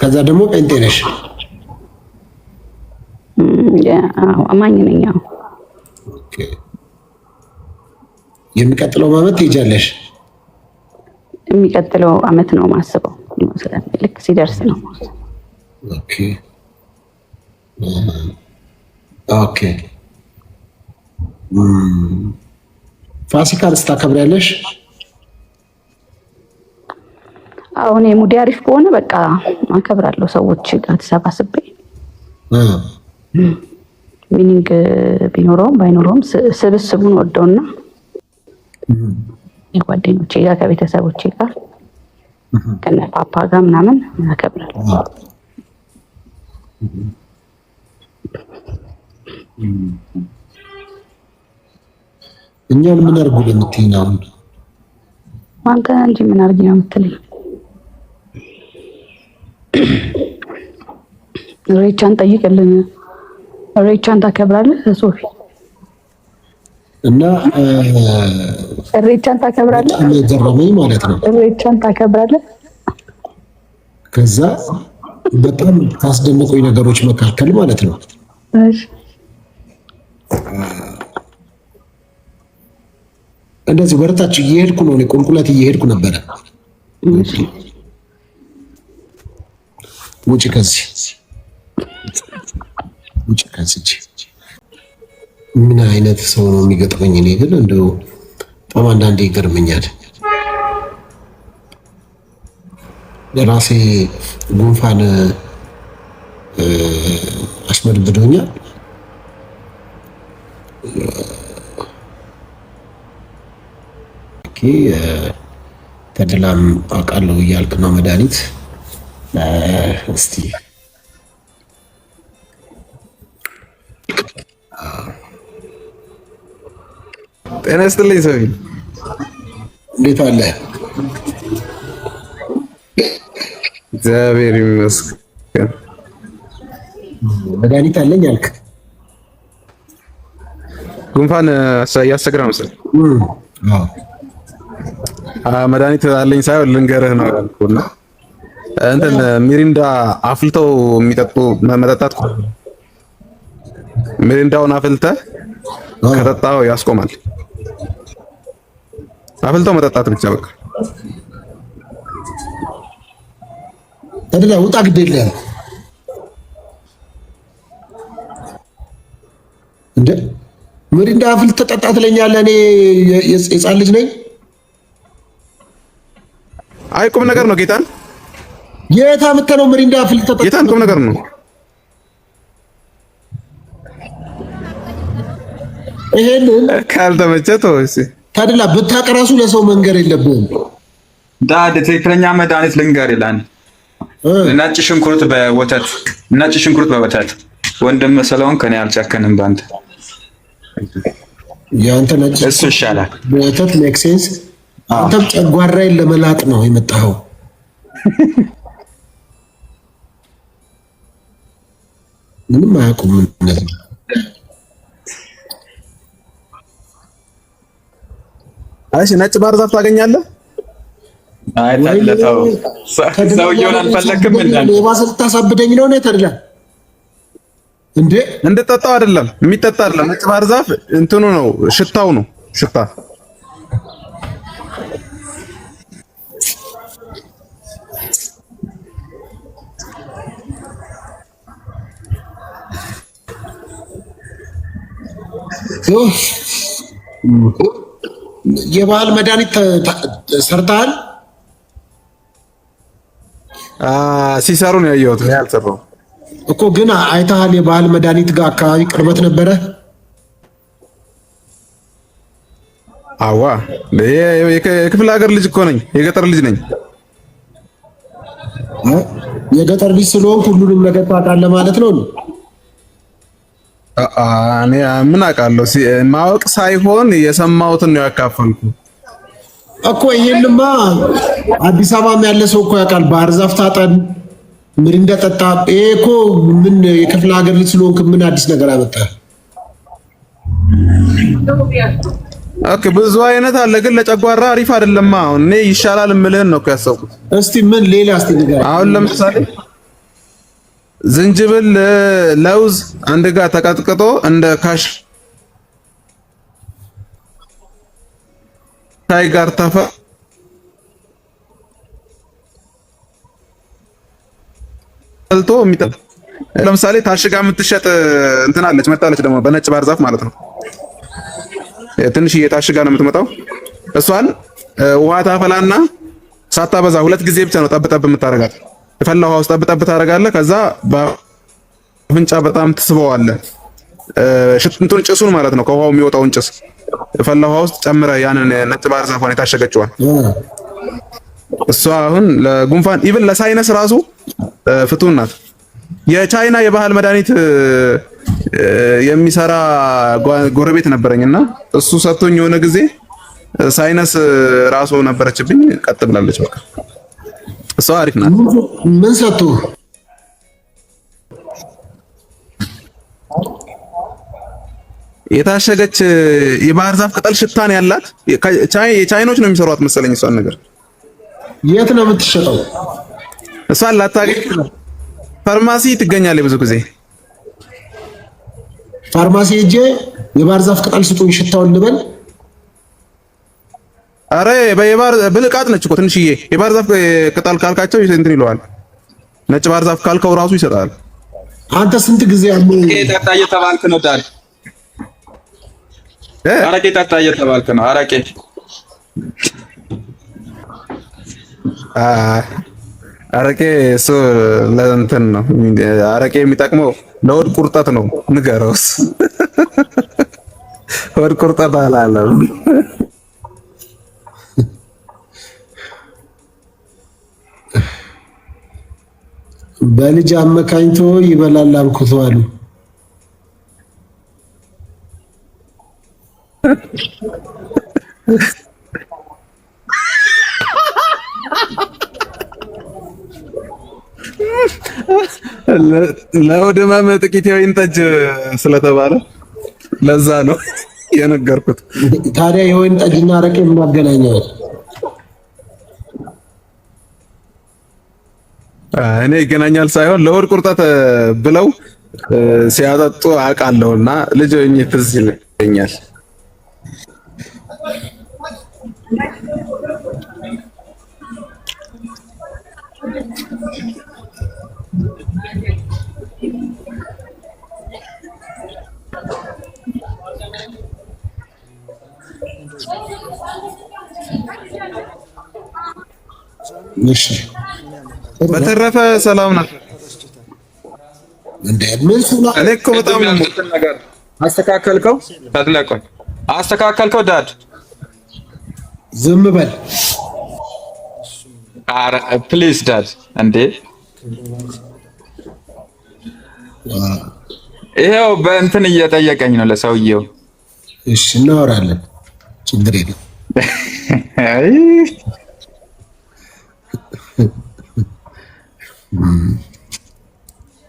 ከዛ ደግሞ ጴንጤ ነሽ። አማኝ ነኝ። የሚቀጥለው አመት ትሄጃለሽ? የሚቀጥለው አመት ነው ማስበው። ልክ ሲደርስ ነው። ኦኬ ኦኬ። ፋሲካን ስታከብሪያለሽ? አሁን ሙዲ አሪፍ ከሆነ በቃ አከብራለሁ። ሰዎች ጋር ተሰባስቤ ሚኒንግ ቢኖረውም ባይኖረውም ስብስቡን ወደውና የጓደኞቼ ጋር ከቤተሰቦቼ ጋር ከነ ፓፓ ጋር ምናምን አከብራለሁ። እኛን ምን አርጉ ለምትይኝ አሁን አንተ እንጂ ምን አርጊ ነው የምትለኝ? ሬቻን ጠይቅልን። ሬቻን ታከብራለህ ሶፊ? እና ሬቻን ታከብራለህ? ገረመኝ ማለት ነው። ሬቻን ታከብራለህ? ከዛ በጣም ካስደነቁኝ ነገሮች መካከል ማለት ነው እንደዚህ ወደታች እየሄድኩ ነው ቁልቁለት እየሄድኩ ነበረ። ውጭ ከዚህ አንስቼ ምን አይነት ሰው ነው የሚገጥመኝ? እኔ ግን እንደው በጣም አንዳንዴ ይገርመኛል። ራሴ ጉንፋን አሽመድብዶኛል። ተድላም አውቃለሁ እያልክ ነው መድኃኒት እስቲ ጤና ይስጥልኝ ሰው እንዴት አለ? እግዚአብሔር ይመስገን። መድኃኒት አለኝ አልክ። ጉንፋን እያስቸግረህ ነው መሰለኝ። መድኃኒት አለኝ ሳይሆን ልንገርህ ነው ያልኩህ። እንትን ሚሪንዳ አፍልተው የሚጠጡ መጠጣት ሚሪንዳውን አፍልተህ ከጠጣኸው ያስቆማል። አብልቶ መጠጣት ብቻ በቃ ተደላ ውጣ ምን እንደ አፍል አፍልት ተጠጣ ትለኛለህ። እኔ የህፃን ልጅ ነኝ። አይ ቁም ነገር ነው ጌታን ጌታ ምተ ነው እንደ አፍል ተጠጣ ጌታን ቁም ነገር ነው። ይሄንን ካልተመቸህ ተወው። ተድላ ብታቅ ራሱ ለሰው መንገር የለብህም። ዳድ ትክክለኛ መድኃኒት ልንገር ይላል። ነጭ ሽንኩርት በወተት ነጭ ሽንኩርት በወተት ወንድም ስለሆን ከኔ አልጨከንም ባንተ ያንተ ነጭ እሱ ይሻላል። በወተት ሜክ ሴንስ። አንተም ጨጓራዬን ለመላጥ ነው የመጣኸው። ምንም አያውቁም እነዚህ እሺ ነጭ ባህር ዛፍ ታገኛለህ። አይ ታለታው ሰውየውን አልፈለክም ነው ነው እንዴ እንድጠጣው አይደለም የሚጠጣ አይደለም። ነጭ ባህር ዛፍ እንትኑ ነው ሽታው ነው ሽታ የባህል መድኃኒት ሰርተሃል? ሲሰሩ ነው ያየሁት። አልሰራሁም እኮ ግን አይተሃል? የባህል መድኃኒት ጋር አካባቢ ቅርበት ነበረ? አዋ የክፍለ ሀገር ልጅ እኮ ነኝ፣ የገጠር ልጅ ነኝ። የገጠር ልጅ ስለሆንክ ሁሉንም ነገር ታውቃለህ ማለት ነው። እኔ ምን አውቃለሁ? ማወቅ ሳይሆን የሰማሁትን ነው ያካፈልኩ እኮ። ይሄንማ አዲስ አበባም ያለ ሰው እኮ ያውቃል። ባህር ዛፍ ታጠን ምን እንደጠጣ ይሄ እኮ ምን የክፍለ ሀገር ልጅ ስለሆንክ ምን አዲስ ነገር አመጣ? ኦኬ ብዙ አይነት አለ፣ ግን ለጨጓራ አሪፍ አይደለም። አሁን እኔ ይሻላል የምልህን ነው እኮ ያሰብኩት። እስቲ ምን ሌላ አሁን ለምሳሌ ዝንጅብል፣ ለውዝ አንድ ጋር ተቀጥቅጦ እንደ ካሽ ሻይ ጋር ተፈ ተልቶ የሚጠጣ ለምሳሌ ታሽጋ የምትሸጥ እንትን አለች መጣለች፣ ደግሞ በነጭ ባህር ዛፍ ማለት ነው። ትንሽዬ ታሽጋ ነው የምትመጣው። እሷን ውሃ ታፈላና ሳታበዛ ሁለት ጊዜ ብቻ ነው ጠብ ጠብ የምታደርጋት። የፈላ ውሃ ውስጥ ጠብጠብ ታደርጋለህ። ከዛ በአፍንጫ በጣም ትስበዋለህ። ሽንቱን ጭሱን ማለት ነው፣ ከውሃው የሚወጣውን ጭስ የፈላ ውሃ ውስጥ ጨምረህ ያንን ነጭ ባህር ዛፏን የታሸገችዋል። እሷ አሁን ለጉንፋን ኢቭን ለሳይነስ ራሱ ፍቱን ናት። የቻይና የባህል መድኃኒት የሚሰራ ጎረቤት ነበረኝ እና እሱ ሰጥቶኝ የሆነ ጊዜ ሳይነስ ራሱ ነበረችብኝ። ቀጥ ብላለች በቃ እሷ አሪፍ ናት። ምን ሰጡ? የታሸገች የባህር ዛፍ ቅጠል ሽታን ያላት የቻይኖች ነው የሚሰሯት መሰለኝ። እሷን ነገር የት ነው የምትሸጠው? እሷን ላታገኝ ፋርማሲ ትገኛለች ብዙ ጊዜ ፋርማሲ ሄጄ የባህር ዛፍ ቅጠል ስጡኝ ሽታውን ልበል አረ በየባር ብልቃጥ ነች እኮ ትንሽዬ የባህር ዛፍ ቅጠል ካልካቸው እንትን ይለዋል። ነጭ ባህር ዛፍ ካልከው ራሱ ይሰጣል። አንተ ስንት ጊዜ አሞ ጌታታ እየተባልክ ነው ዳል እ አረቄ ጣጣ እየተባልክ ነው አረቄ አ አረቄ እሱ ለእንትን ነው። አረቄ የሚጠቅመው ለሆድ ቁርጠት ነው። ንገረውስ ሆድ ቁርጠት አላለም። በልጅ አመካኝቶ ይበላል አብኩቶ አሉ። ለወደማመ ጥቂት የወይን ጠጅ ስለተባለ ለዛ ነው የነገርኩት። ታዲያ የወይን ጠጅና አረቄ ምን አገናኘው? እኔ ይገናኛል ሳይሆን ለሆድ ቁርጠት ብለው ሲያጠጡ አውቃለሁና ልጅ ሆኜ ትዝ ይለኛል። እሺ በተረፈ ሰላም ነው። እኔ እኮ በጣም ነው አስተካከልከው፣ አስተካከልከው ዳድ ዝም በል አረ ፕሊዝ ዳድ እንዴ ይሄው በእንትን እየጠየቀኝ ነው ለሰውየው እሺ እናወራለን ችግር የለም Mm-hmm.